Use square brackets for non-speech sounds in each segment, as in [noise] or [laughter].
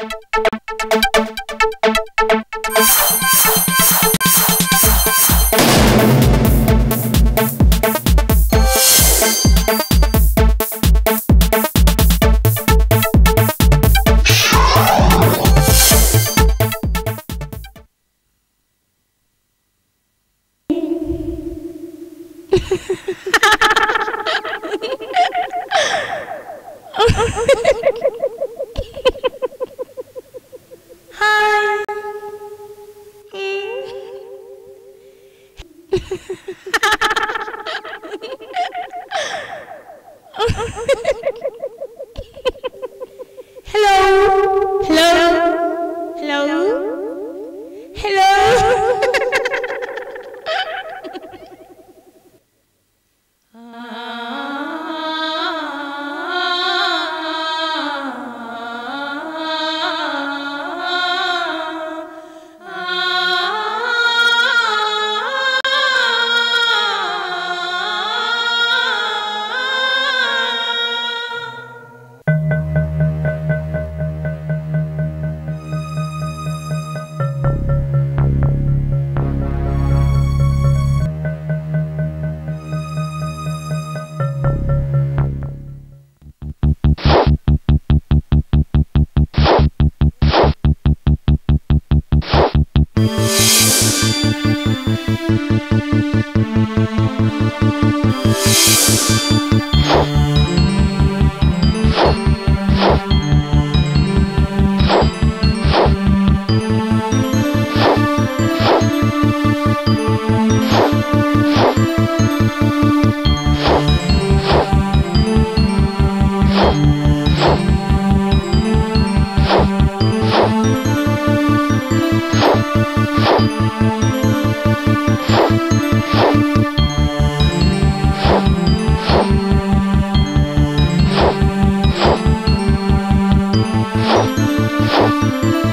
you Música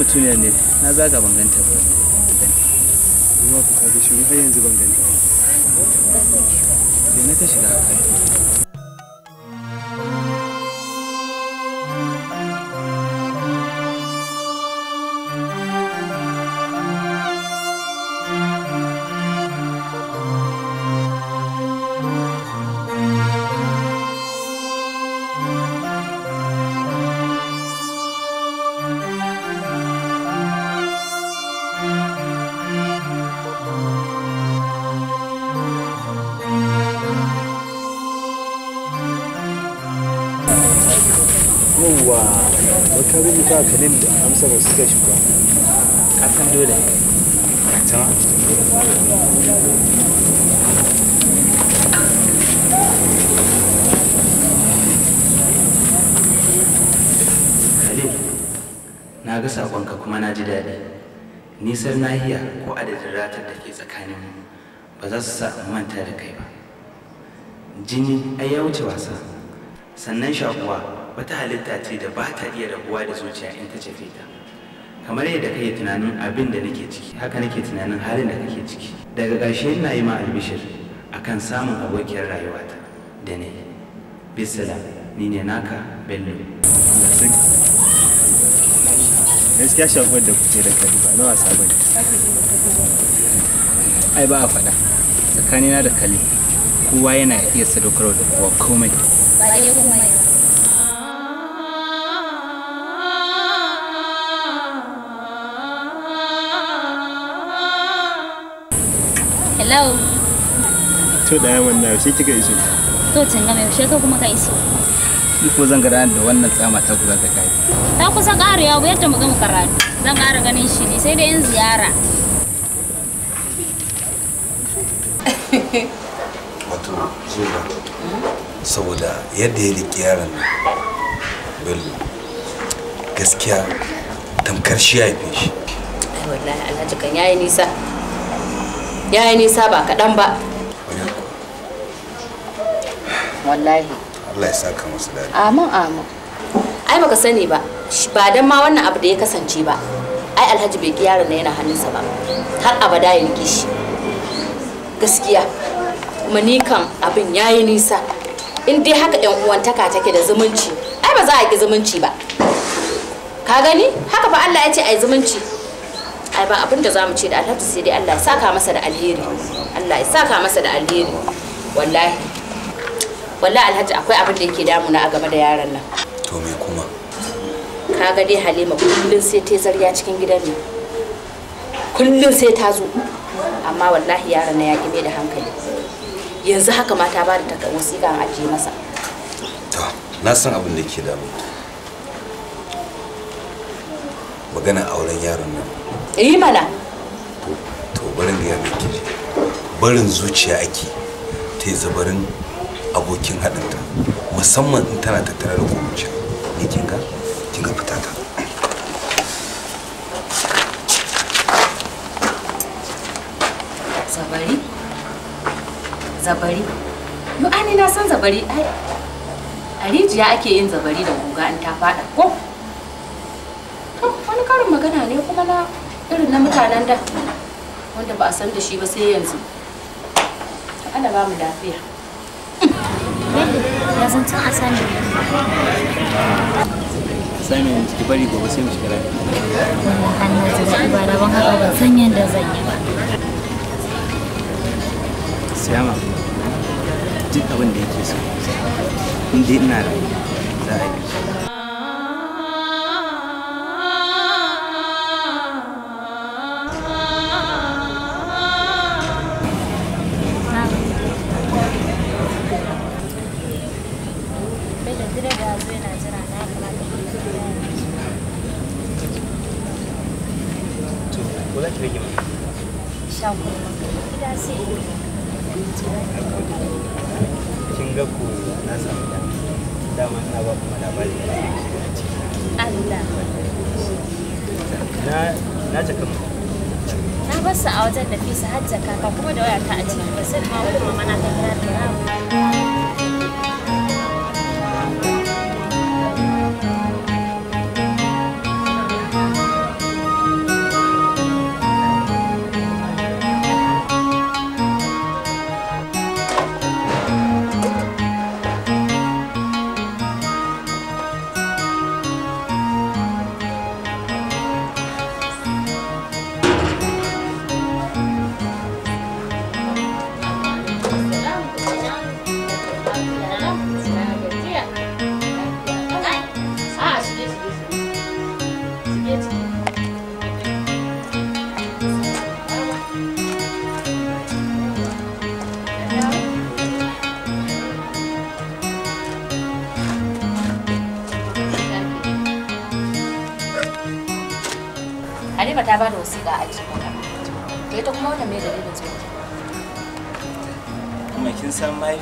mutuniyar ne na zaga ban ganta ba ka rubuta a kalin da amsa ba su gashi ba ka san dole ta Khalil, na ga sakonka kuma na ji daɗi. Nisar nahiya ko adadin ratar da ke tsakanin. ba za su sa manta da kai ba. Jini ai ya wuce wasa, sannan shakuwa wata halitta ce da ba ta iya rabuwa da zuciya in ta cefe ta kamar yadda kake tunanin abin da nake ciki haka nake tunanin halin da kake ciki daga ƙarshe ina yi ma albishir akan samun abokiyar rayuwata da ne bisala ni ne naka bello gaskiya da kuke da ba na wasa ai ba a faɗa tsakanina da kali kowa yana iya sadaukarwa da kowa komai ba dai komai lau to da yawan na yaushe kika iso to can gama yaushe ka kuma ka iso ni ko zan gara da wannan tsama ta kusa ta kai ta kusa ƙarewa ba yadda mu gama karatu zan ƙara ganin shi sai dai in ziyara saboda yadda ya riƙe yaron bello gaskiya tamkar shi ya haife shi wallahi alhaji kan yayi nisa ya yi nisa ba kaɗan ba wallahi Allah ya saka musu dadi. amin amin ai baka sani ba ba dan ma wannan abu da ya kasance ba ai alhaji bai ki ne na yana hannunsa ba har abada ya rike shi gaskiya manikan abin yayi nisa in dai haka yan uwantaka take da zumunci ai ba za a ki zumunci ba ka gani haka fa Allah ya ce ai zumunci ai ba abin da zamu ce da alhaji sai dai Allah ya saka masa da alheri Allah ya saka masa da alheri wallahi wallahi alhaji akwai abin da yake damuna a game da yaran nan to me kuma kaga dai halima kullun sai ta zarya cikin gidan nan kullun sai ta zo amma wallahi yaran na ya kibe da hankali yanzu haka mata ba da ta wasiƙa an ajiye masa to na san abin da yake damu magana auren yaron nan eh mana to barin ga yamin barin zuciya ake ta yi zabarin abokin haɗinta musamman in tana tattara da kubuci ne kin ga kin ga fita ta zabari zabari yo ani na san zabari ai a rijiya ake yin zabari da guga in ta faɗa ko wani karin magana ne kuma na irin na mutanen da wanda ba a san da shi ba sai yanzu ana ba mu lafiya ya san tun a sani sani ki bari gobe sai mu shiga Allah ta ji ba da ban haka ban san yadda zan yi ba siyama duk abin da yake so in dai ina rayu za a yi a wajen da fisa hajjaka ka kuma da ta a cikin basir ma wani mama na ta kira da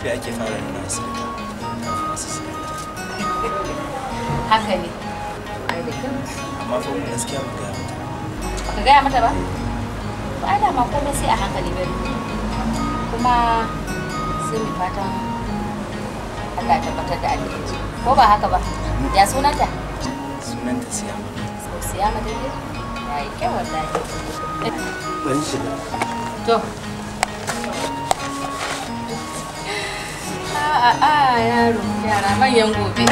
lafiya ake fara nuna asibiti kafin asibiti haka ne amma fa mu gaskiya gaya mata ka gaya mata ba ba da ma komai sai a hankali bai kuma sai mu fatan Allah ya tabbatar da alheri ko ba haka ba ya sunanta sunanta siyama siyama dai yayi kyau wallahi ban shiga to a'a yaro yara manyan gobe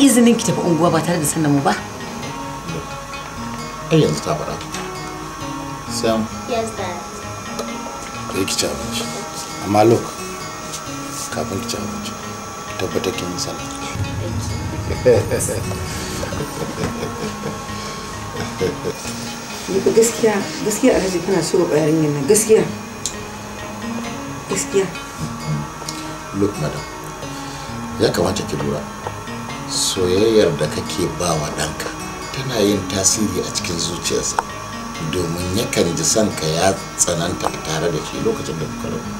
izinin ki tafi unguwa ba tare da sanin mu ba? Ai yanzu ta faɗa. Sam. Yes, Dad. Kai ki ci abinci. Amma look, kafin ki ci abinci, tabbata kin sallah. gaskiya gaskiya alhaji kana so ga yarinyar nan gaskiya gaskiya look madam ya kamata ki lura soyayyar da kake ba wa ɗanka tana yin tasiri a cikin zuciyarsa domin yakan ji son ka ya tsananta tare da shi lokacin da kuka rabu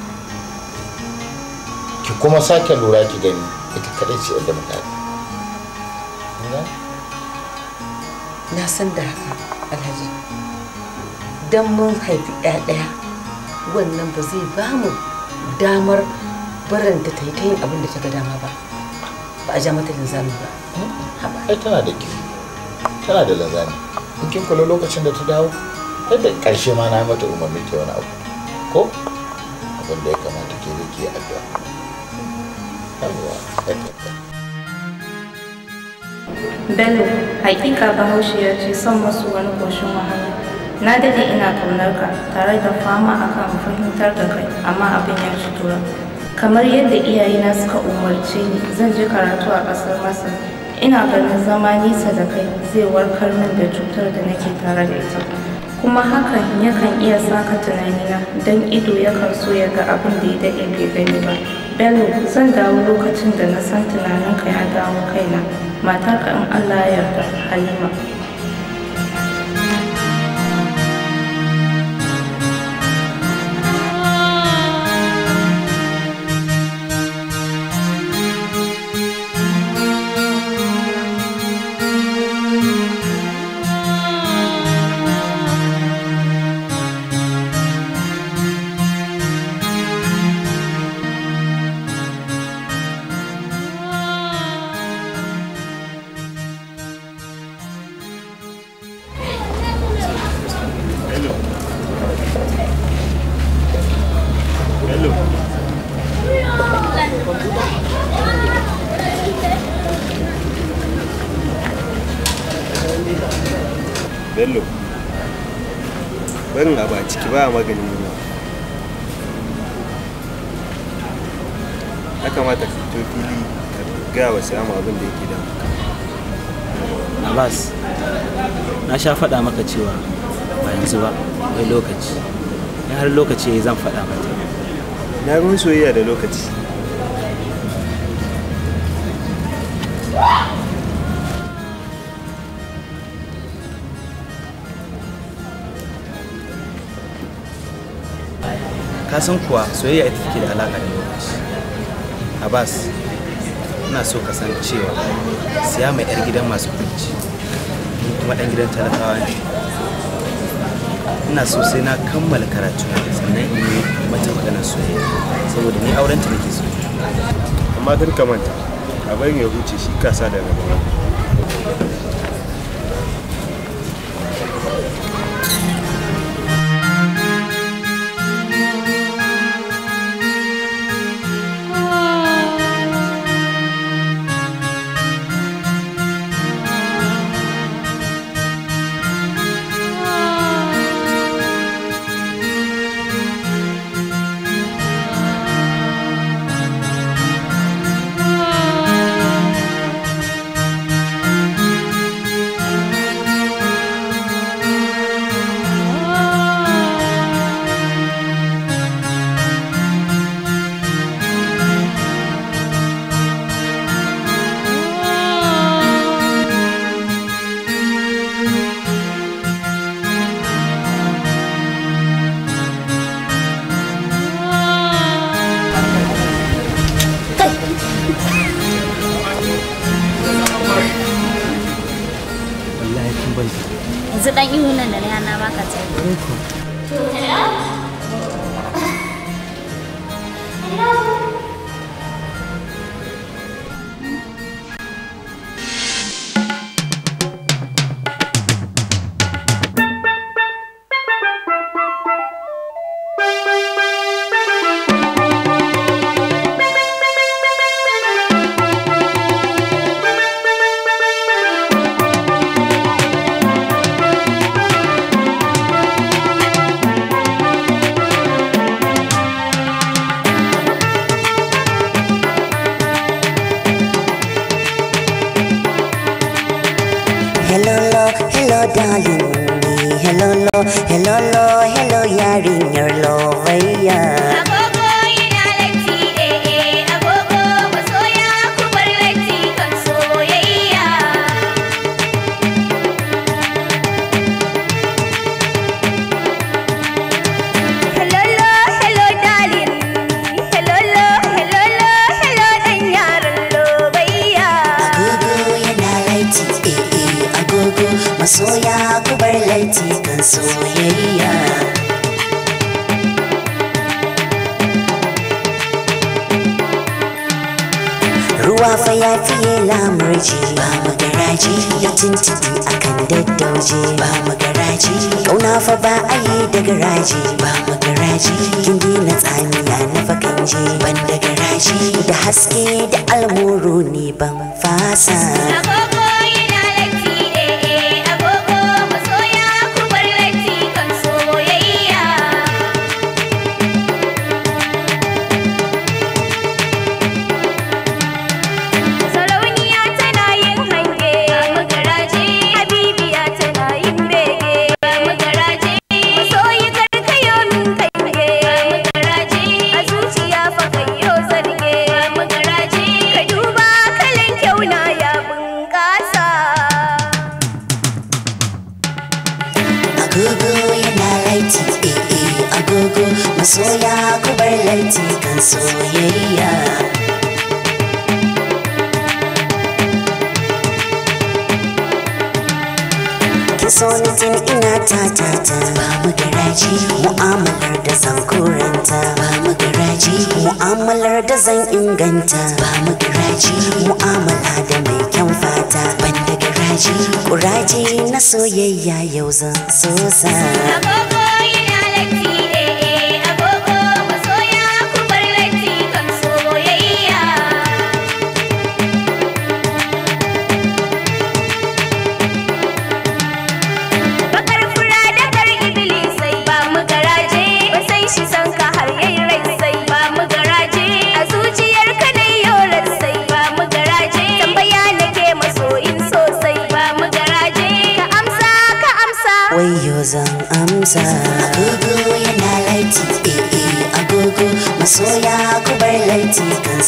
ki kuma sake lura ki gani ita kaɗai ce yadda muka na san da haka alhaji don mun haifi ɗaya wannan ba zai ba mu damar barin ta ta yi ta yin abin da ta ga dama ba ba a ja mata linzami ba ai tana da kyau tana da linzami in kin kula lokacin da ta dawo har da karshe ma na mata umarni ta wani abu ko abin da ya kamata ke da ke addu'a yawwa Bello, haƙiƙa Bahaushe ya ce son masu wani ƙoshin wahala. Na dade ina ƙaunar ka tare da fama akan fahimtar da kai, amma abin ya ci tura. kamar yadda iyayena suka umarce ni zan je karatu a ƙasar masar ina ganin zama nisa da kai zai warkar min da cutar da nake tare da ita kuma hakan yakan iya saka tunanina don ido yakan so ya ga abin da ya daɗe bai gani ba bello zan dawo lokacin da na san tunaninka ya dawo kaina matarka in allah ya yarda halima a ciki ba maganin yunwa ya kamata ka fito fili ka gaya wa samu abin da yake da abbas na sha faɗa maka cewa ba yanzu ba wai lokaci har lokaci zan faɗa mata na ruwan soyayya da lokaci san kuwa soyayya ita take da alaka da lokaci abbas ina so ka san cewa siya mai yar gidan masu kunci kuma dan gidan talakawa ne ina so sai na kammala karatu sannan in yi mata magana soyayya saboda ni aurenta nake so amma dukkan manta abin ya huce shi kasa da gaba hello, hello, hello, yeah, in your love, yeah. tuntuɓi akan daddauje ba magaraji kauna fa ba a yi da garaji ba magaraji kin na tsamiya na nafa ban da garaji da haske da almuru ne ban fasa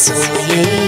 so yeah.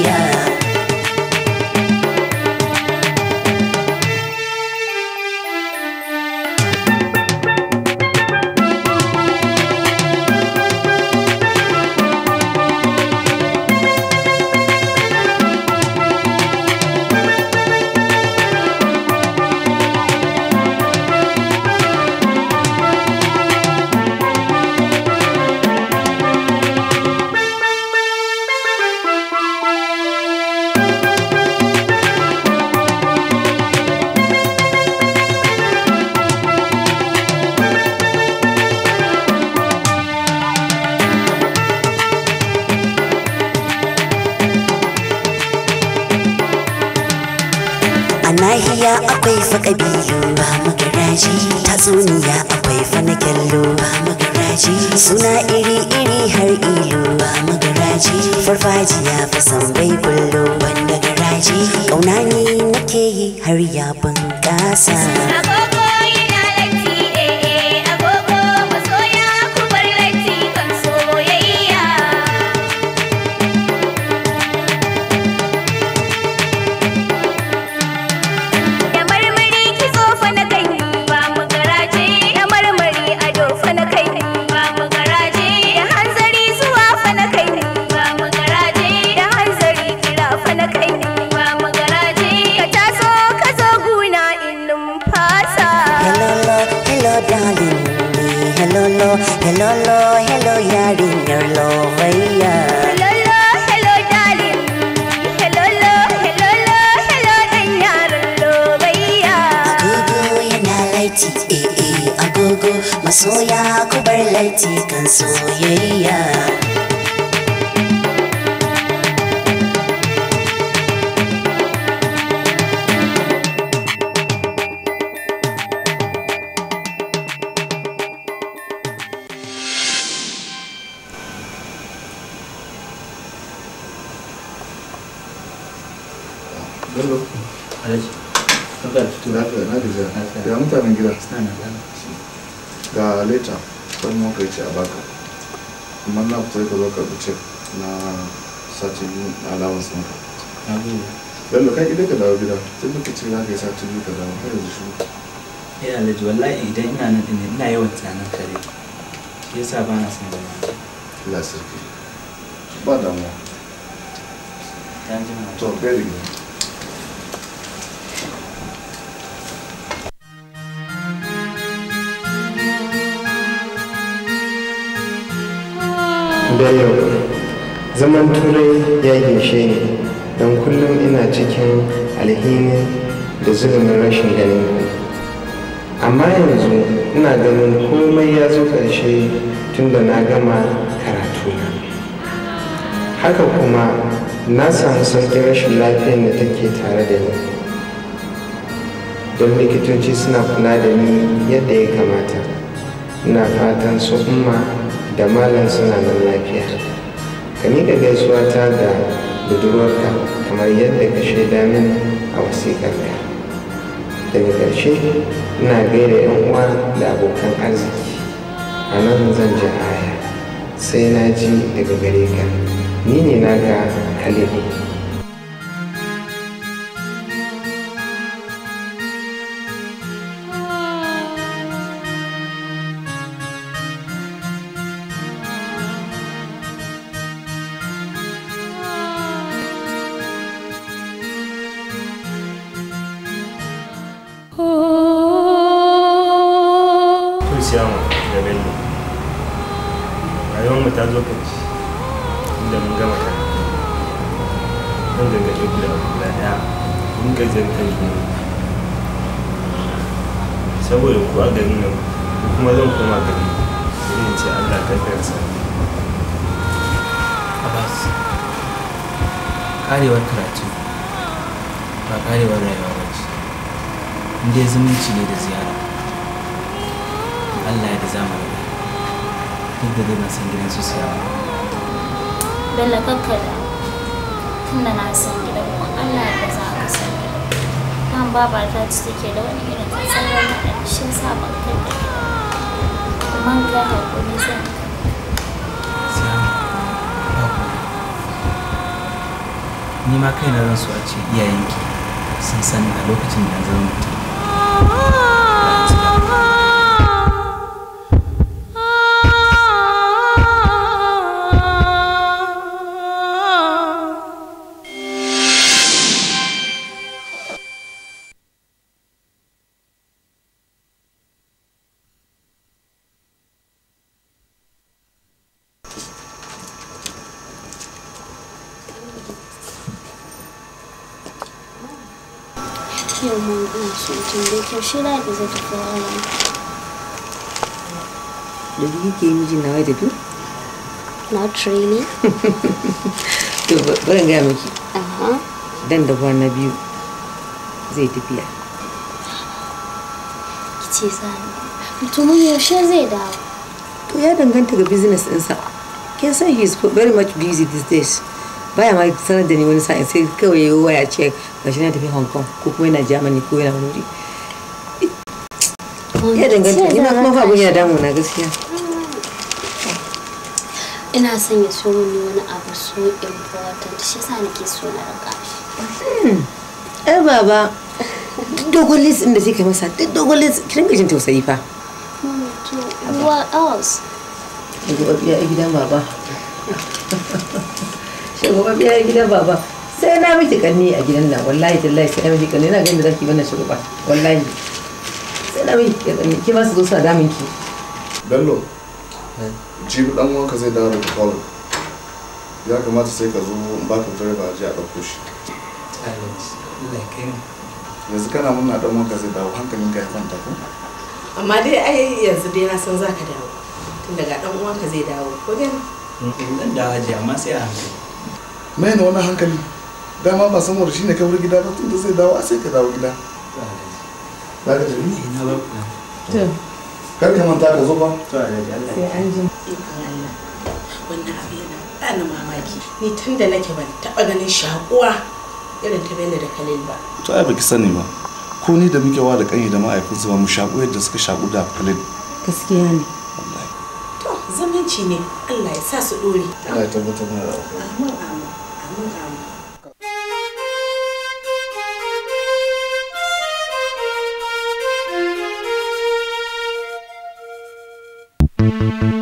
amma na fita ka zo ka cek na satin allowance ɗinka dan da kan idan ka dawo gida tun da kace za ka yi satin biyu ka dawo har yanzu shi Ya eh, alhaji wallahi idan ina nan ɗin ina yawan tsanan kare Ya sa ba na son zama Allah sarki ba damuwa to very good da yau zaman turai ya ginshe ni don kullum ina cikin alhini da zulumin rashin ganin amma yanzu ina ganin komai ya zo ƙarshe tun da na gama karatuna haka kuma na samu sauƙin rashin lafiyan da take tare da ni don likitoci suna kula da ni yadda ya kamata ina fatan su umma da malam suna nan lafiya ka miƙa gaisuwa ta ga budurwarka kamar yadda ka shaida mini a wasiƙarka daga ƙarshe ina gaida yan uwa da abokan arziki a nan zan ji aya sai na ji daga gare ka ni ne naka kalibu ba karewar rayuwa ba ce in dai zumunci ne da ziyara Allah ya da zamani duk da dai ban san gidan su siya ba Bello kakkada tunda na san gida ku Allah ya da za ka san kan baba ta ci take da wani irin tsaron da shi sa ban kai da kuma ga hakuri zan ni ma kaina ransu a ce iyayenki sun sani a lokacin da zama mutum aikin da kyau shi na da da na not really [laughs] ya danganta business san he is very much busy these days baya ma sanar da ni wani sa'in sai kawai ya waya ce gashi na tafi hong kong ko kuma yana germany ko yana wuri ya danganta ni ma kuma damu na gaskiya mm. ina son ya so mini wani abu so important shi yasa nake so na raka hmm. baba duk dogon list din masa duk dogon list ki tausayi fa mm, what else a gidan baba shi a gidan baba sai na miki kanni a gidan nan wallahi tallahi sai da zaki wannan tsami ke ba su zo suna damun ki bello eh? jibi dan wanka zai dawo da kwallon ya kamata sai ka zo in baka direba aje a ɗauko shi yanzu kana muna dan wanka zai dawo hankalin ka ya kwanta ko amma dai ai yanzu dai na san zaka dawo tun daga dan uwanka zai dawo ko gani dan mm, mm, da aje amma sai a hankali mai na wani hankali dama ba san shi ne kamar gida ba tun da zai dawo a sai ka dawo gida za ka tafi ina ba to kar ba to yana mamaki ni tun da nake ban taɓa ganin shakuwa irin ta da ba to ai baki sani ba ko ni da muke wa da kanyi da ma'aikinsu mu shaku yadda suka shaku da Khalil gaskiya ne to zumunci ne Allah ya sa su dore Allah ya tabbatar da amin amin Thank you.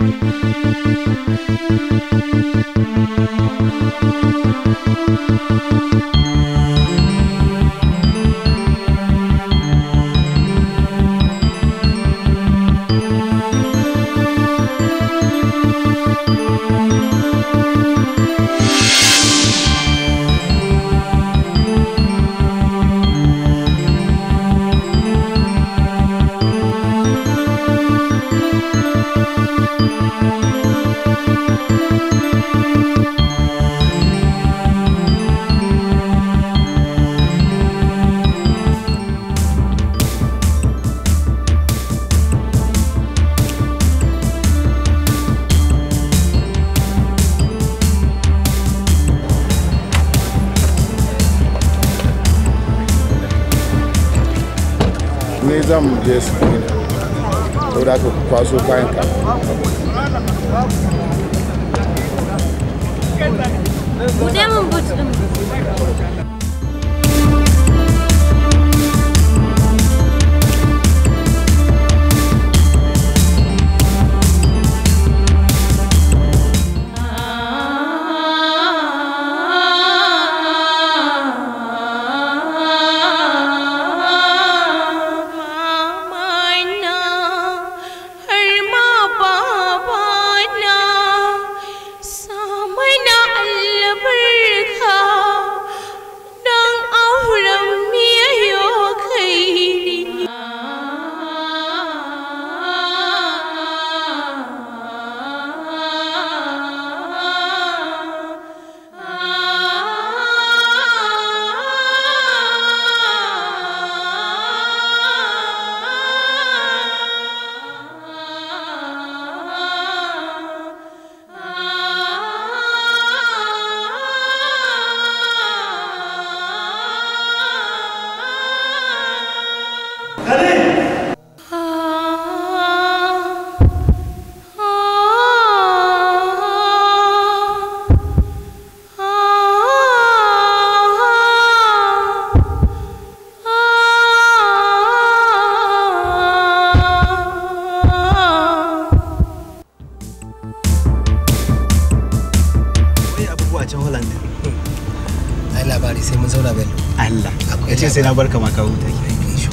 na bar kama ka huta ki haife shi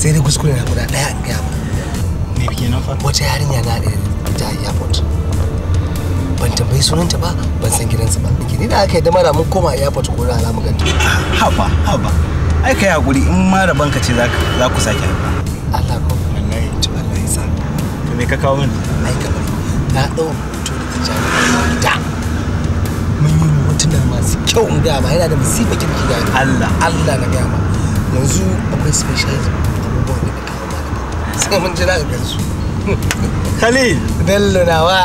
sai dai kuskure na guda daya in gaya ma me kenan fa wata yarinya na da ta airport ban tambayi sunanta ba ban san gidansa ba ni da aka yi da mara mun koma airport ko da mu ganta haba haba ai kai hakuri in mara banka ce ce za ku sake haka Allah ko wallahi to Allah ya sa to me ka kawo min ai kamar na dau kyau in gama yana da musibar kirki ga Allah Allah na gama yanzu akwai special abubuwan da kawo mana sai mun jira ga su Khalil Bello nawa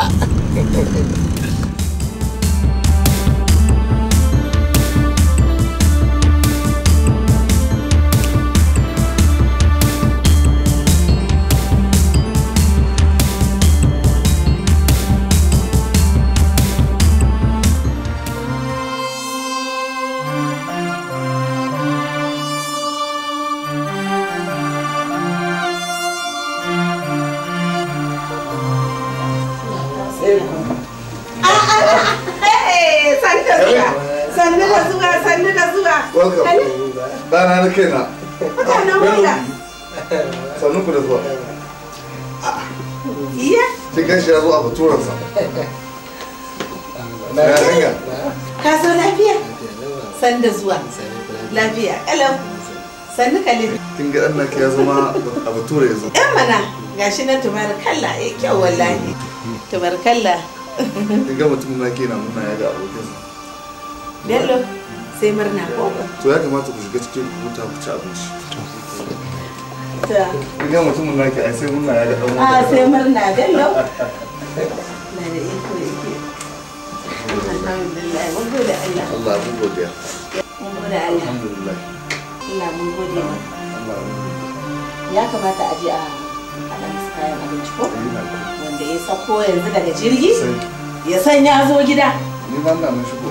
gan shi ya zo a baturansa ya ka zo lafiya san da zuwa lafiya kalau sannu kalin kin ga ɗan ya zama a bature ya zo yan mana gashi na tumar kalla ya eh, kyau wallahi Tumar kalla. kin ga mutum na ke na murna ya ga abokinsa bello sai murna ko to ya kamata ku shiga cikin ku ku ci abinci Ina mutumin naki a sai murna ya da ɗan A sai murna gallo. [laughs] Na Allah. mun gode. Allah. Alhamdulillah. Allah mun gode. Ya kamata a je a haɗa musu kayan abinci ko? Eh, Wanda ya sako yanzu daga jirgi? Ya sanya zo gida. Ni mun shigo.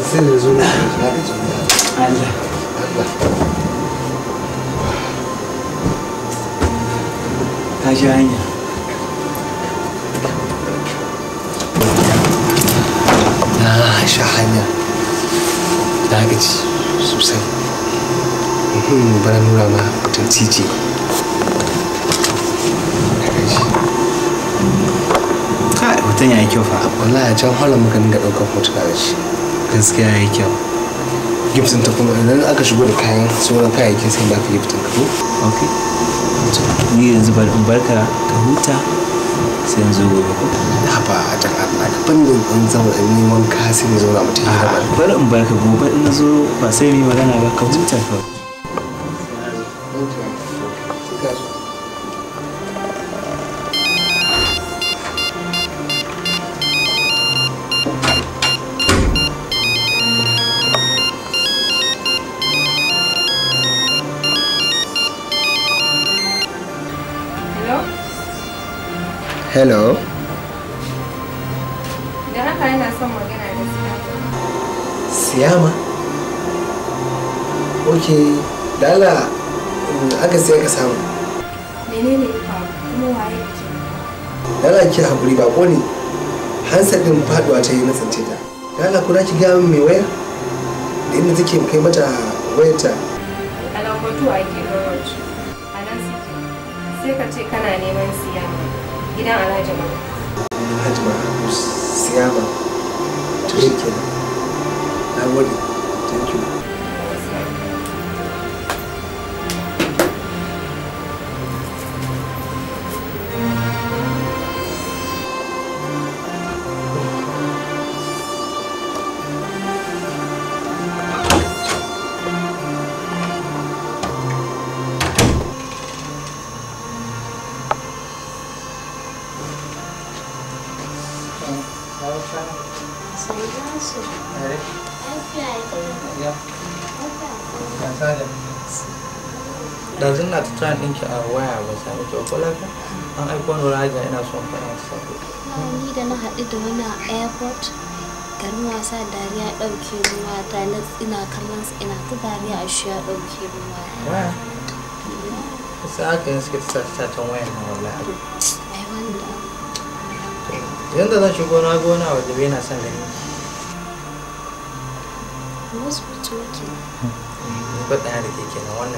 sai da zo na ya ga zo Allah Allah ka ji hanya na sha hanya na gaji sosai bara nura ma fitan titi hoton ya yi kyau fa wallahi ɗaukar hotuna gaskiya ya yi kyau gibson ta kuma idan aka shigo da kayan sauran kayayyakin sai ba ka gibson ka ko ok ni yanzu barka ka huta sai yanzu gobe ko haba a can Allah ka ban da in zama da neman kasi sai mu zauna mutum ya rabar bari in barka gobe in zo ba sai ne magana ba ka huta kawai hello da haka yana son magana da siyama siyama ok dala mm, aka sai ka samu menene kuma waye dala ki hakuri ba ko ne hansa din faduwa ta yi nasance ta dala kuna ki gaya min mai waya da inda take kai mata wayar ta alamotu ake garot a nan sai ka ce kana neman siya gidan alhaji ma alhaji ma siyama to shi kenan na gode thank you plan ɗinki a waya ba an aiko ni raga ina son ni da na haɗu da airport garin wasa ina ina zan shigo na gona wajen yana son ganin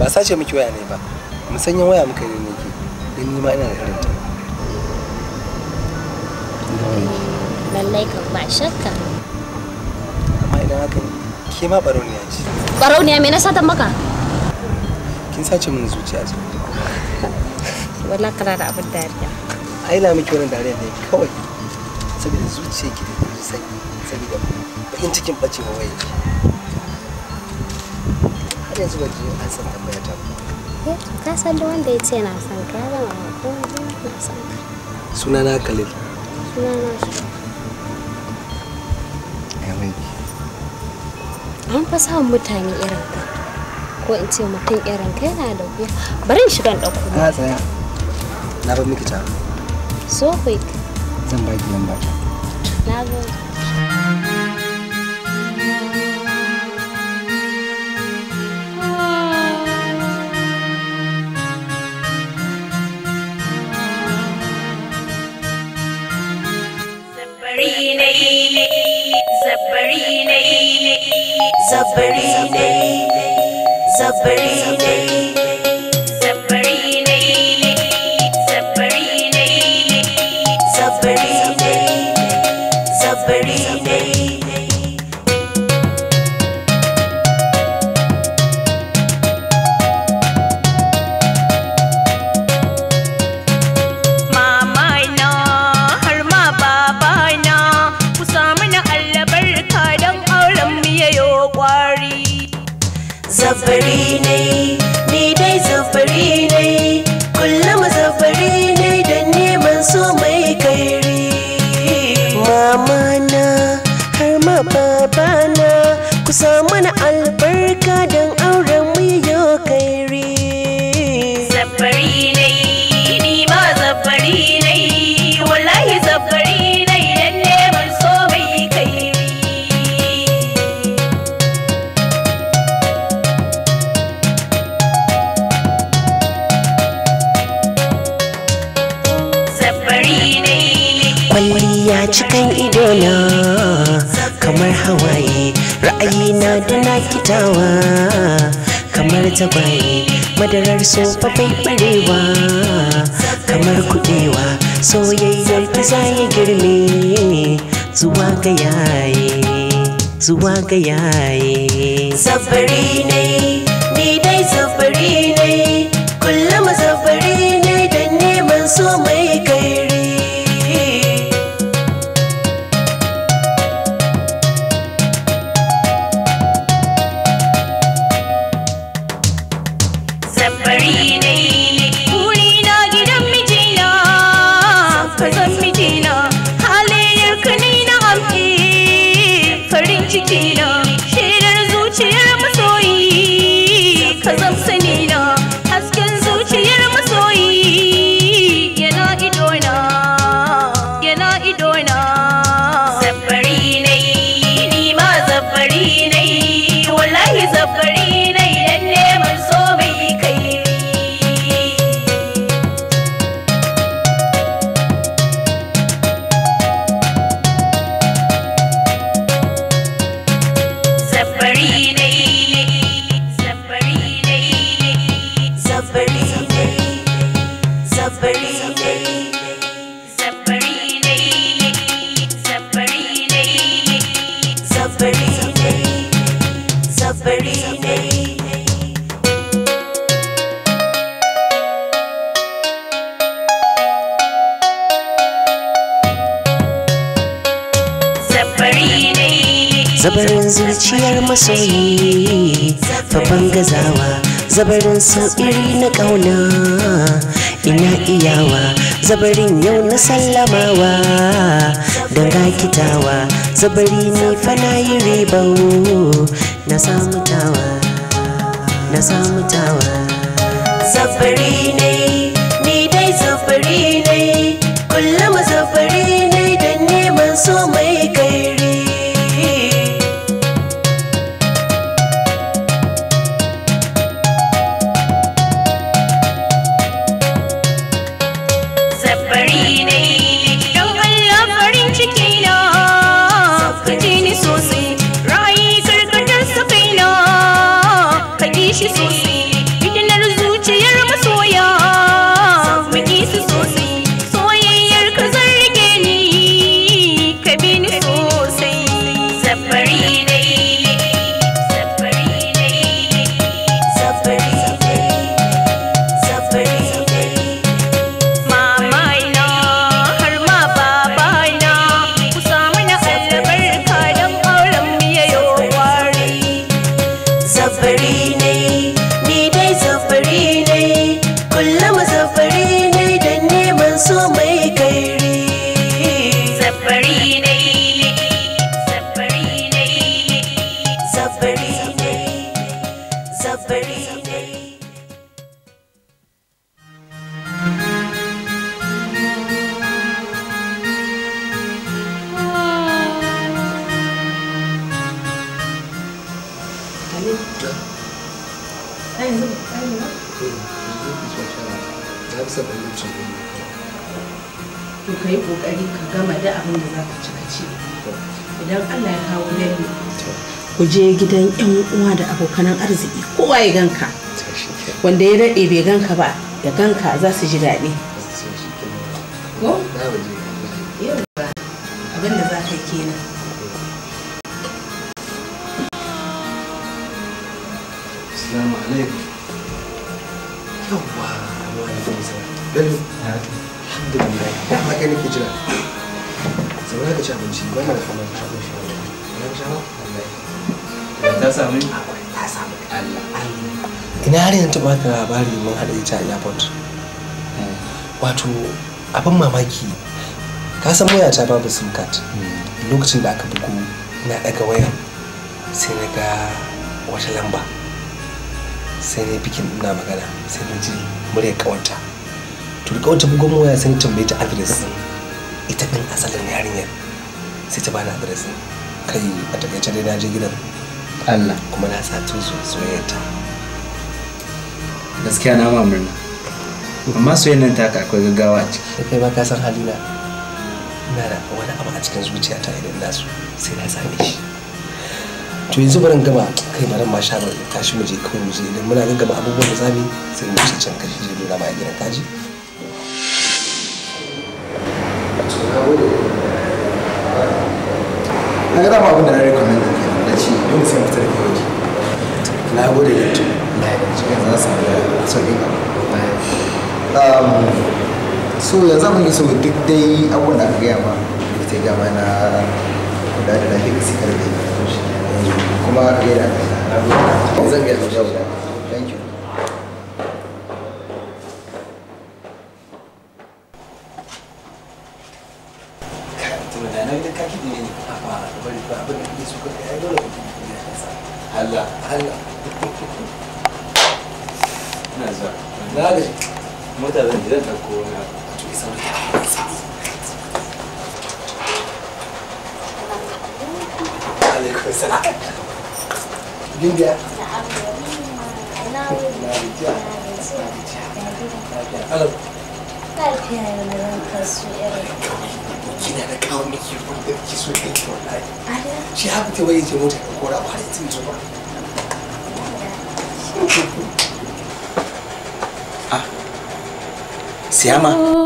ba sace miki waya ne ba musanyen waya muka ne nake don ni ma ina da irin ta lallai kan ba shakka amma idan haka ne ke ma barauniya ce barauniya me na ta maka kin sace min zuciya ce wala kana da abin dariya ai na miki wannan dariya ne kawai saboda zuciya ki da zuciya saboda bakin cikin bacewa waye yanzu ba ji an san tambaya ta ba eh, ka san da wanda ya ce na san ka ya ma ko na san ka suna na sunana Khalil sunana shi an fa samun mutane irin ka ko in ce mutum irin ka yana da wuya bari in shiga ɗauko na ah, tsaya na ba miki ta so quick zan ba ki yan ba na gode zuwa ga yaye. ne zabarin iri na kauna ina iyawa zabarin yau na sallamawa don rakitawa zabari ne fana yi ribau na samu tawa na samutawa zabari ne ni dai zabari sa to ka yi ƙoƙari ka gama da abin da za ka ci ka ci idan allah ya kawo lalle ku je gidan yan uwa da abokanan arziki kowa ya ganka wanda ya daɗe bai ganka ba ya ganka za su ji daɗi ko abin da za ka yi kenan abinci ta ina ba ka mun haɗa ita a hmm. abin mamaki ka san wayata babu sim card hmm. lokacin da aka bugu na daga sai na ga wata lamba sai na bikin ina magana sai na ji murya kawanta to da kawanta bugon waya sai na tambaye ta address ita din asalin yarinyar sai ta bani adres kai a takaice dai na je gidan Allah kuma na sa tuzo soyayyarta gaskiya na ma murna amma soyayyar ta ka akwai gaggawa a ciki kai ma ka san halina ina da wani abu a cikin zuciyata idan na so sai na same shi to yanzu barin gama kai bari ma sha bari tashi mu je kawai mu je idan muna gaggama abubuwan da zamu sai mu ci can kashi je nuna ma a gidan kaji to na gode kaga dama abin da na recommend da kenan da ci yau sai mutar ke waje na gode da tu cikin za su da sauƙin abu um, so yanzu abin da so duk dai abun da aka gaya ma da ta gama na kula da lafiyar sikar da yanzu kuma yana kai na zan biya da jawo Dinga. Alam. Kina da kawon da ke ruwan da ke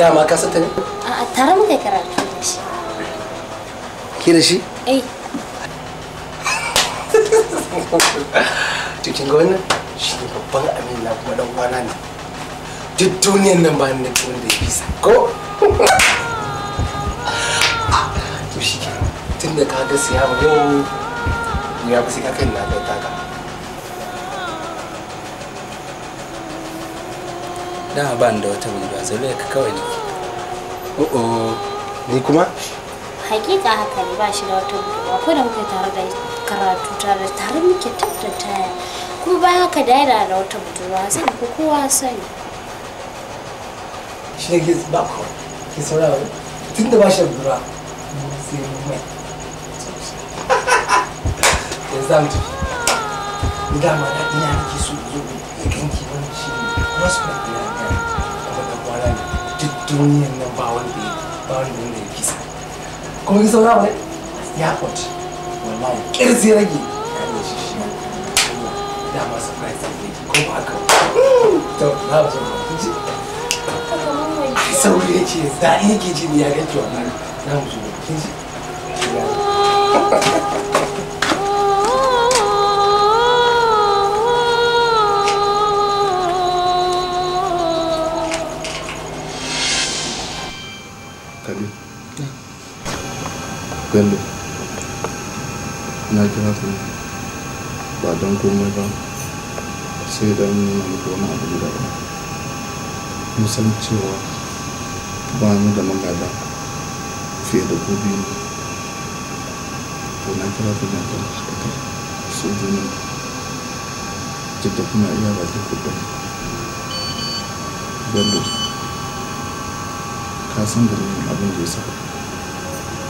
dama ka sata ne a tare muka karatu da shi ke da shi eh cikin [laughs] ga wannan shi ne babban amina kuma dan uwana ne duk duniyan nan ba ni da wanda ya bisa ko [laughs] to shi ke tun da ka ga siya yau ya fi sai ka kai na ga ka. dama ban da wata ba zai ka kawai ne ni kuma hakika haka ne ba shi da wata gudunmawa ko da muke tare da karatu tare tare muke tare taya kuma ba haka da yana da wata budurwa zan ku kowa sani shi ne ba ku ke saurara tun da ba shi da budurwa sai mu mai [laughs] yanzu za mu tafi dama da ina nake so zo ya ganki wani shi ne kuma su kuma ina da kuma da kwana ne duk duniyan nan ba da wani kisa kuma ni saura wani ya kwaci wallahi ƙirzi rage ya ne shi shi da ma surprise da yake ko ba haka to na ba so ba ji ai sauri yake da yake ji ya ganki wannan na mu zo ki ji Thank you. Bello na kira ku ba don komai ba sai don nuna muku wani abu guda ba mun san cewa ba mu da magada fiye da gobe ne to na kira ku na kan haka kai su juna jidda kuma iya ta kudin Bello ka san da abin da ya saba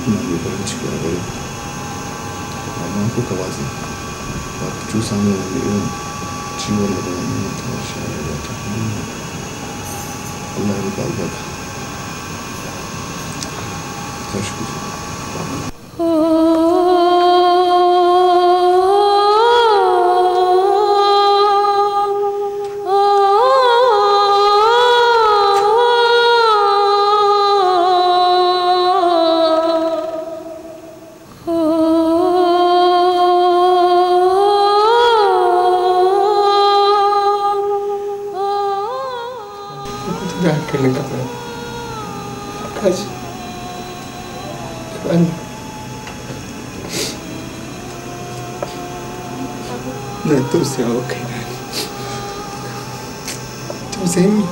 125 inch o r e gravel, Marco Kawase, Bakuchu samu g w e n i i r e n ciwon e a ba wani mutum shayar da ta hanyar Allah ya rufe albarka. Tashi kusa. tausaya mi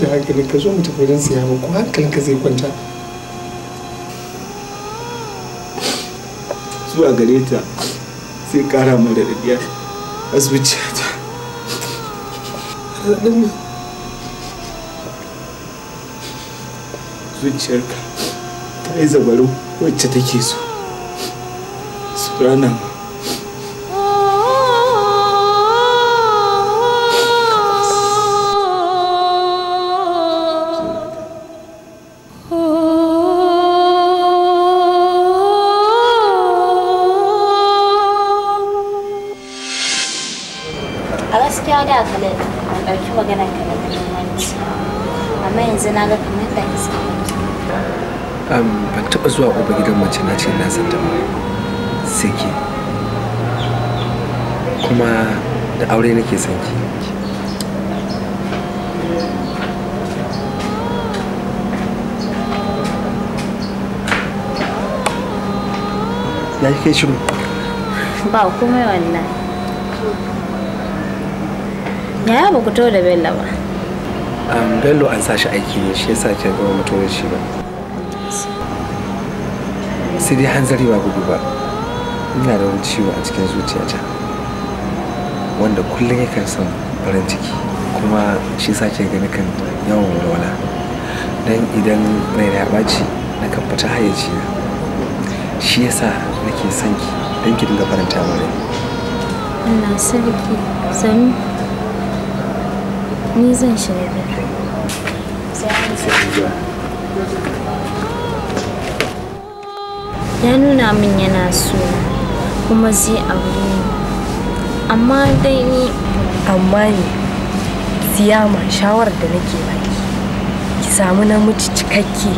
da hankalin ka zo mu tafi wajen siya ba ko hankalin zai kwanta zuwa a zuciyarka ta yi zabaru wacce take so surana a gaskiya da ka da ɗauki maganar ka da muhimmanci amma yanzu na ga kamar da iska ban taba zuwa uba gidan mace na ce na san ta ba sai ke kuma da aure nake son ki ya kai shiru ba komai wannan yaya ba ku to da bello ba bello an sa aiki ne shi yasa ke ga mutum shi ba sai dai hanzari ba gudu ba ina da wani ciwo a cikin zuciyata wanda kullum yakan san farin ciki kuma shi sake gani kan yawan wala don idan na ya ɓaci na kan fita hayyaci na shi yasa nake son ki don ki dinga faranta mu rai Allah sarki sami ni zan shiga sai an ya nuna min yana so kuma zai aure ni amma dai ni amma ne siyama shawarar da nake baki ki samu namiji cikakke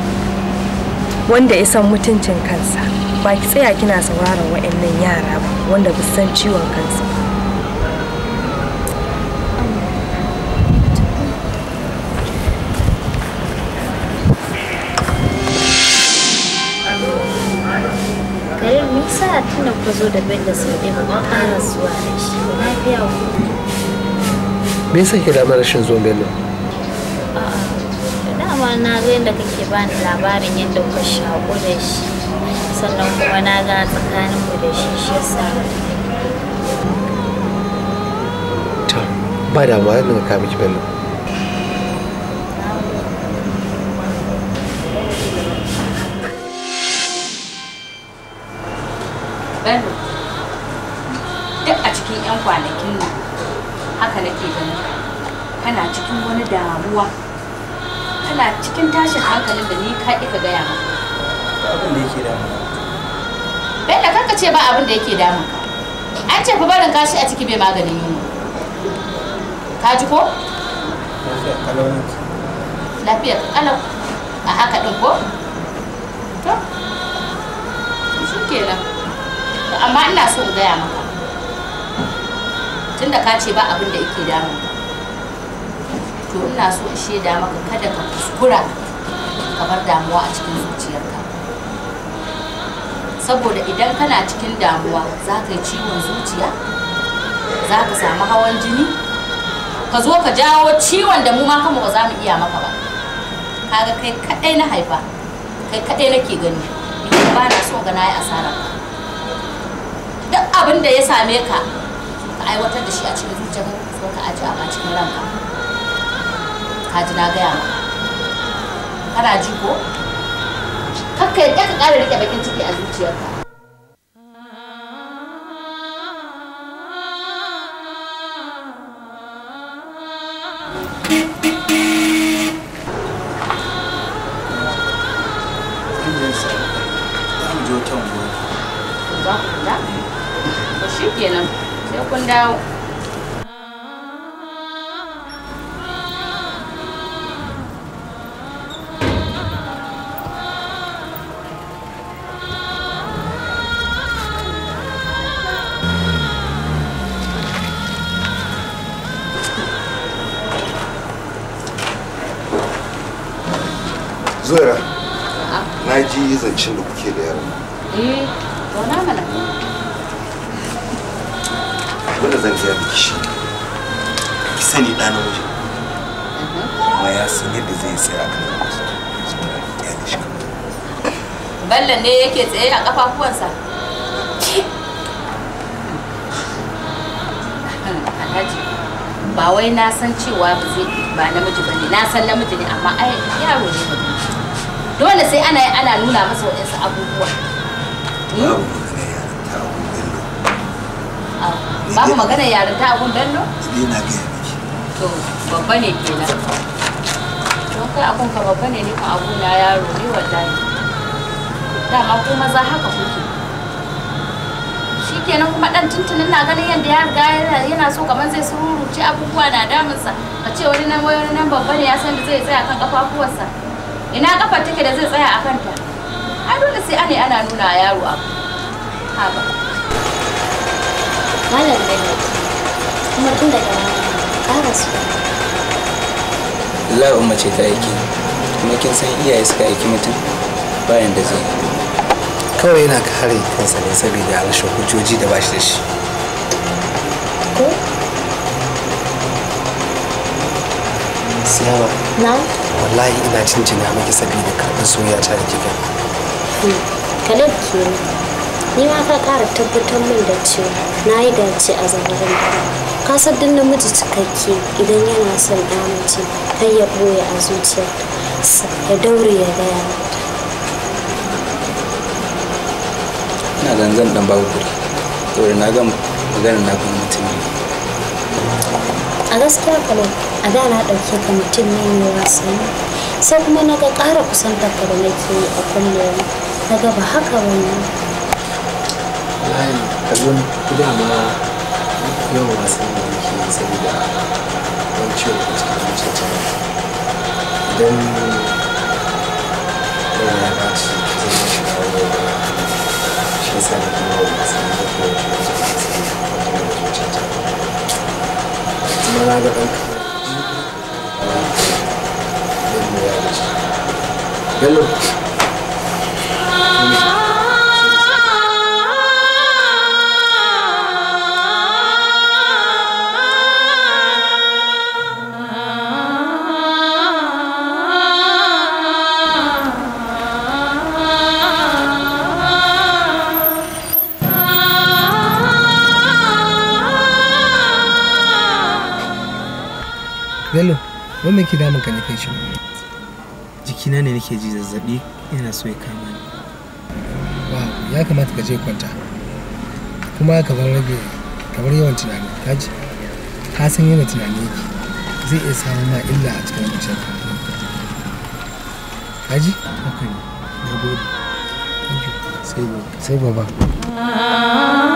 wanda ya san mutuncin kansa ba ki tsaya kina sauraron waɗannan yara ba wanda bisan san ciwon kansa ka zo da bai da ɗaya ba ƙara zuwa da shi ba lafiya ku me yasa ke damar rashin zuwan bello dama na ga yadda kake bani labarin yadda kuka shaƙo da shi sannan kuma na ga tsakanin mu da shi shi yasa ba damuwa zan dinga kawo miki bello haka nake ganin kana cikin wani damuwa kana cikin tashin hankalin da ni ka ika gaya maka abin da yake damu da kanka ce ba abin da yake damu an ce fa barin kashi a ciki bai maganin yi ka ji ko lafiyar kalau a haka din ko to shi kenan amma ina so in gaya maka tunda ka ce ba abin da yake damun to ina so in shaida maka kada ka kuskura ka bar damuwa a cikin zuciyarka saboda idan kana cikin damuwa za ka yi ciwon zuciya za ka samu hawan jini ka zo ka jawo ciwon da mu ma kama ba za mu iya maka ba kaga kai kadai na haifa kai kadai nake gani ba na so ga na yi asara duk abin da ya same ka aiwatar da shi a cikin zuciyar ko so ka aje a cikin ranka ka ji na gaya ma kana ji ko kakka yadda ka ƙara rike bakin ciki a zuciyarka Não. Zuwaira, na ji zancen da que ele era. zan gaya miki shi ki sani ɗa namiji kuma ya san yadda zai tsaya a kan saboda ya ne shi ballan ne yake tsaye a kafafuwansa alhaji ba wai na san cewa ba zai ba namiji ba ne na san namiji ne amma ai yaro ne ba dole sai ana ana nuna masa waɗansu abubuwa hmm? babu magana yarinta a gundan no? ina ga to babba ne kenan to kai abun ka babba ne ni kan na yaro ne ne. dama ko maza haka kuke shikenan kuma ɗan tuntunin na ganin yadda ya riga yana so kamar zai sururuce abubuwa na damunsa Ka ce wani nan wani nan babba ne ya san da zai tsaya kan kafafuwarsa ina kafar take da zai tsaya a kanta ai dole sai ane ana nuna yaro abu haba malam bello kuma tun daga ƙara su la'u ce ta aiki kuma kin san iyaye suka aiki mutum bayan da zai kawai yana kare kansa ne saboda rashin hujjoji da ba shi da shi ko siyawa na wallahi ina cin jina miki saboda karɓar soyayya ta da kika hmm. kadan ke ni ma ka kara tabbatar min da cewa na yi dace a zaman da san din namiji cikakke idan yana son damace kai ya boye a zuciyarsa ya daure ya gaya mata ina zan dan babu kuri saboda na gama maganar na kuma mutum ne a gaskiya kamar a da na ɗauke ka mutum ne mai wasanni sai kuma na ga ƙara kusantar ka da nake a kullum na ga ba haka wani alƙur'ani kallon kuda ma yawan wasan da muke saboda don ciwon cikin zuciyarta don yana ya ɓaci zai yi shiga wani shi da kuma wasan da kuma da kuma kuma na ga ɗan me ke damun ka ne kai shi jikina ne nake ji zazzabi yana so ya kama ni ba ya kamata ka je kwanta kuma ka bar rage ka bar yawan tunani ka ji ka san yana tunani yake zai iya samun ma illa a cikin zuciyar ka ji haka ne na gode sai gobe sai gobe ah.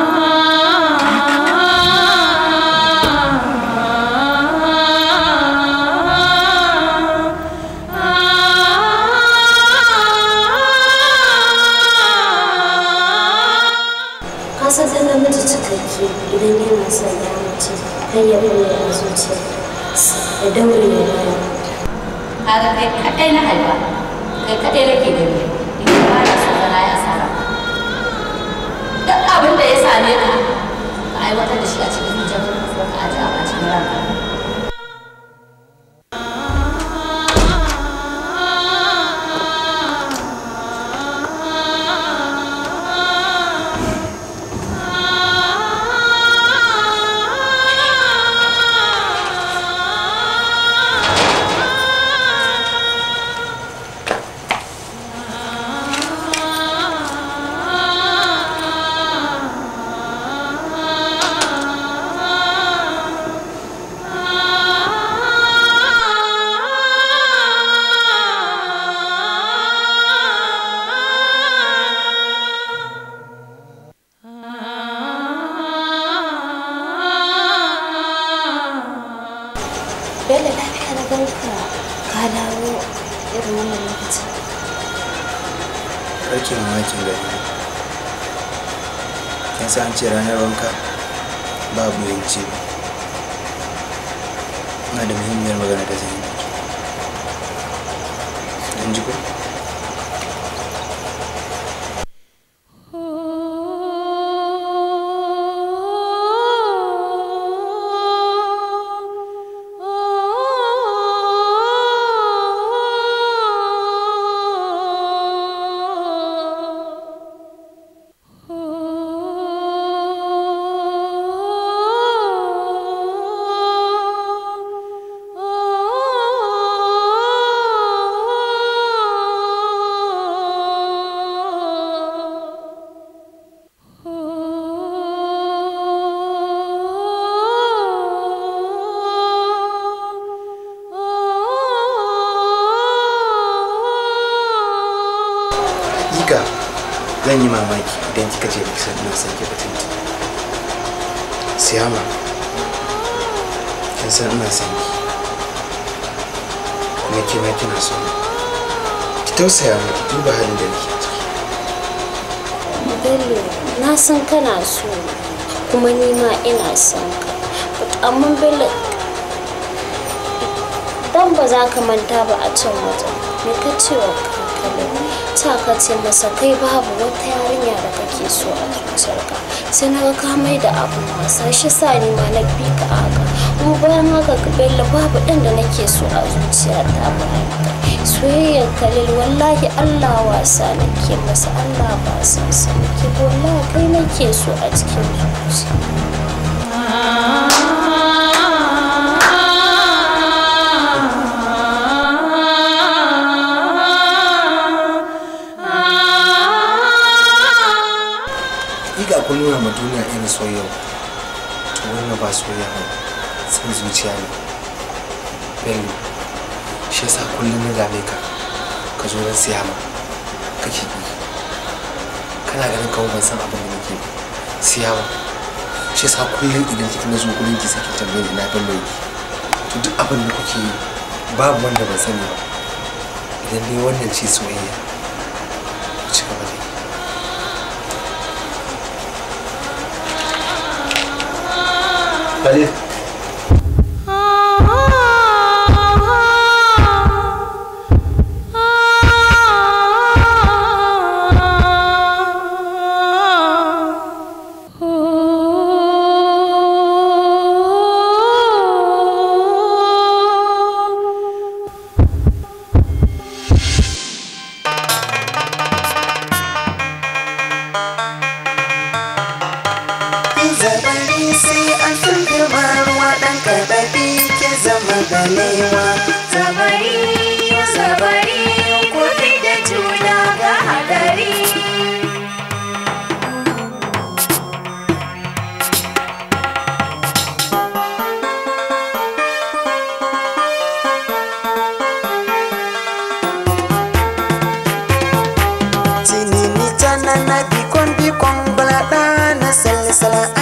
kika ce kika ina son ki batun siyama kin san ina son ki kuma ki ma kina son ki tausaya ma ki duba halin da nake ciki Bello na san kana so kuma ni ma ina son ka amma Bello dan ba za ka manta ba a can wajen me ka ce wa ka da ta ce masa kai babu wata yarinya da kake so a zuciyarka sai na ga ka mai da abu wasa shi sa ni ma na bi ka haka kuma bayan haka ka bella babu ɗan da nake so a zuciyarta bayan soyayyar kalil wallahi allah wasa nake masa allah ba san sa nake wallahi kai nake so a cikin zuciya nuna ma duniya irin soyayya to wannan ba soyayya ba san zuciya ne bello shi yasa kullum na dame ka ka zo nan siya ma kake yi kana ganin kawo ban san abin da nake siya ma shi yasa kullum idan kika zo gurin ki sai tambayar ina ban na to duk abin da kuke yi babu wanda ban sani ba idan dai wannan ce soyayya 快点。na bikon bikon bala na salsala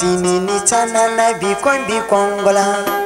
Tini ni chana na bikon bikon kongola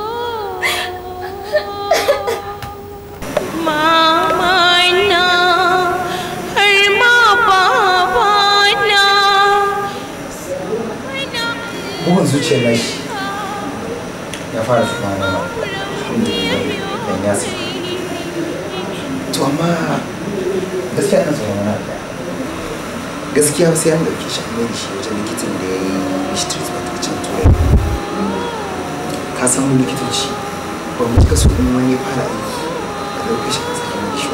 bugun zuciyar nashi ya fara tsakanin dan yasa to amma gaskiya na tsoron wani abu gaskiya sai an ɗauki shi an da shi wajen likitan da ya yi mishi treatment a can turai ka san likitan shi ba mu cika so in wani fara aiki a ɗauke shi tsakanin tsakanin shi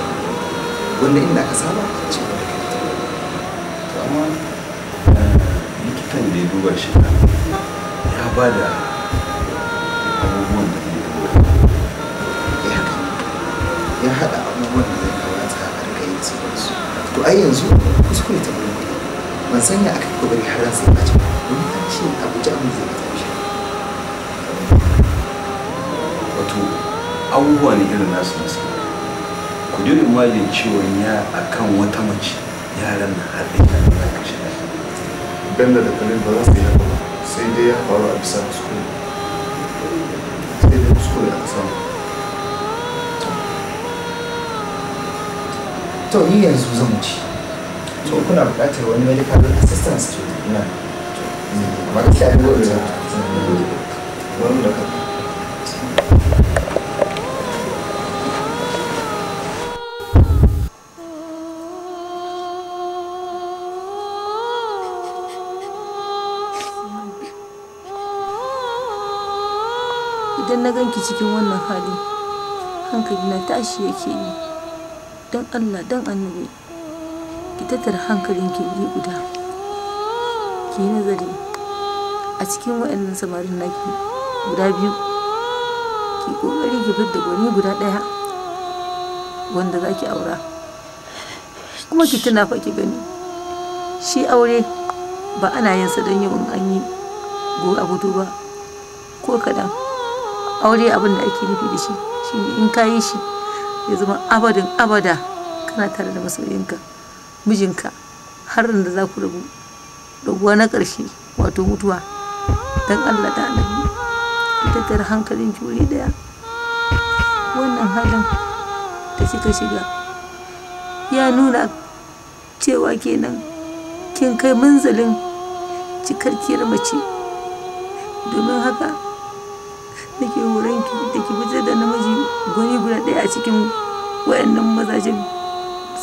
wanda inda aka saba a ce wani kai ta to amma eh, likitan da ya duba shi ya ba da abubuwan da zai duba ya ya haɗa abubuwan da zai kamata a rika yin su to ai yanzu kuskure ta mulki ban sanya aka kubari har sai ba ce domin an ce abuja abin zai ba wato abubuwa ne irin nasu nasu you imagine ciwon ya a kan wata mace yaran na har da yaran da aka shiga. benda da kalin ba za su yi haka ba sai dai ya faru a bisa kuskure sai dai kuskure aka samu to ni yanzu zan ci to kuna buƙatar wani medical assistance to ina amma gaskiya ne wanda wanda ka ki cikin wannan hali hankali na tashi yake yi don allah don annabi ki tattara ki wuri guda ki yi nazari a cikin wa'annan samarin naki guda biyu ki ƙoƙari ki fidda gwani guda ɗaya wanda za ki aura kuma ki tuna fa ki gani shi aure ba ana yin sa don yawan an yi go abu ba ko kaɗan aure abin da ake nufi da shi shine in ka yi shi ya zama abadin abada kana tare da masoyinka mijinka har da za ku rabu raguwa na ƙarshe wato mutuwa don allah da annabi tattara hankalin juri daya wannan halin da kika shiga ya nuna cewa kenan kin kai manzalin cikarkiyar mace domin haka guda ɗaya a cikin wayannan mazajen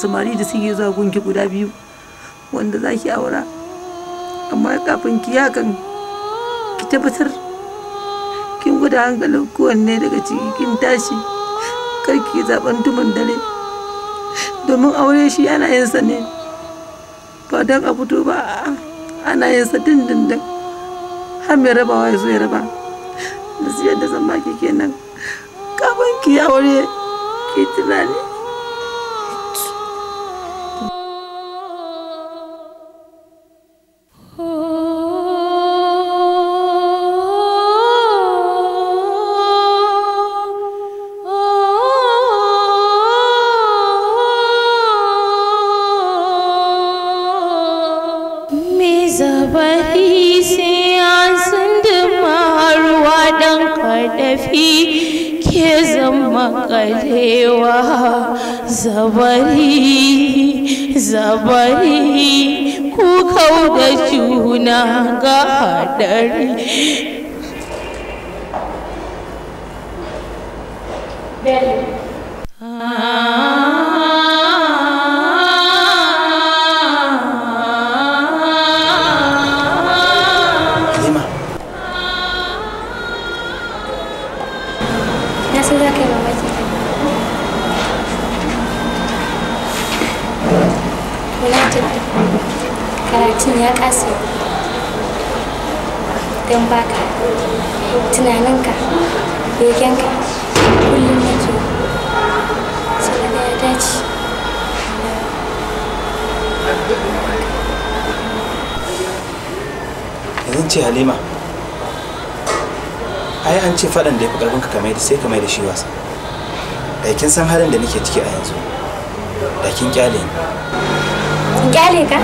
samari da suke zuwa gunki guda biyu wanda za ki aura amma kafin ki yakan ki tabbatar kin guda hankalin kowanne daga ciki kin tashi kar ki zaben tumin dare domin aure shi ana yin sa ne ba don a fito ba ana yin sa dindindin har mai rabawa ya zo ya raba da siyar da zan baki kenan का पण किया ओळी किती नाही zabari zabari ku kau da juna ga hadari tunaninka begenka kullum nake sai daga ya dace yanzu ce halima ai an ce faɗan da ya fi ƙarfinka kamar da sai kamar da shi wasa da kin san halin da nake ciki a yanzu da kin kyale ni kin kyale ka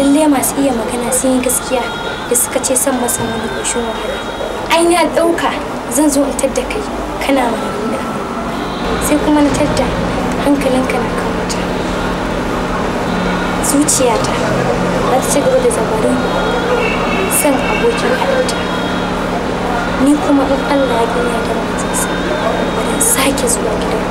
lalle masu iya magana sun yi gaskiya da suka ce san masa wani ƙoshin wahala ai ya ɗauka zan zo in tadda kai kana mahalina sai kuma na tadda hankalinka na kan wata zuciyata ba ta ci gaba da zabarin san abokin halitta ni kuma in allah ya gina da mutunsa sake zuwa gidan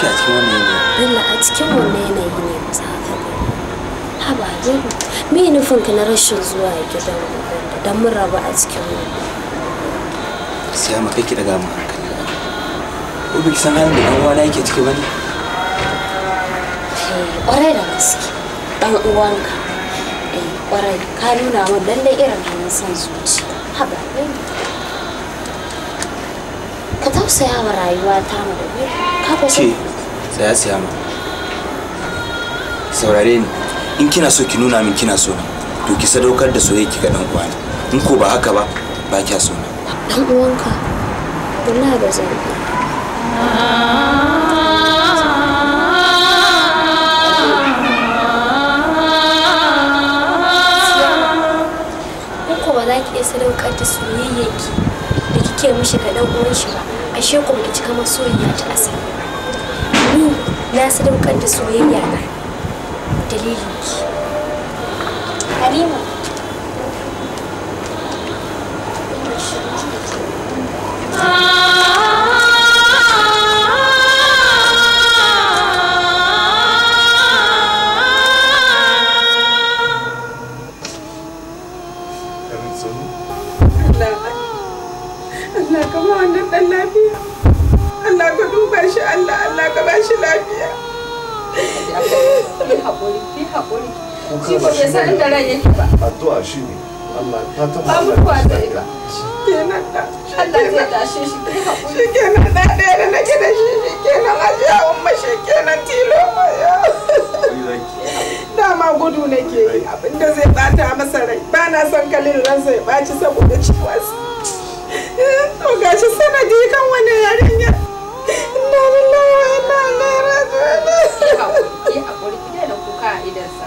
ki a cikin wannan yanayi Bello a cikin wannan yanayi ne ba za ka ba haba ne me nufin ka na rashin zuwa gidan gobe dan mun rabu a cikin wannan sai ma kai ki daga mu hankali ko bai san halin da dan uwana yake ciki bane kwarai eh, da gaske dan uwanka eh kwarai ka nuna min lalle irin hannun son zuci haba Bello ka tausaya wa rayuwa ta mu da ka ba tsaya siya ma saurare ni in kina so ki nuna min kina so na to ki sadaukar da soyayya ki ga dan uwa in ko ba haka ba ba kya so na dan uwanka wallahi ba zan za ki iya sadaukar da ki da kike mishi ga dan uwan shi ba ashe ku ba ki cika masoyiya ta asali na sadaukar da soyayya na dalilin ki halima kuka ba shi ne shi ta ba da ita da Allah zai shi da ma dama gudu nake yi abinda zai bata masa rai ba na son kalin ransa ya baci saboda ciwonsa to gashi sanadi kan wani yarinya na lillahi wa kuka idansa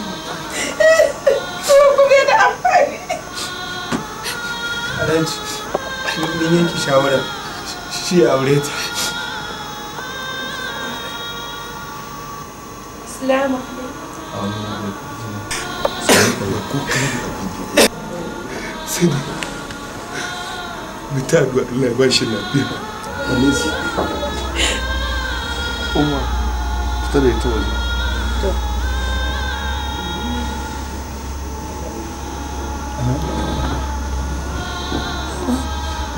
alhaji mun yanki shi aure ta salamu ta addu'a Allah ya lafiya alhaji fita da ita waje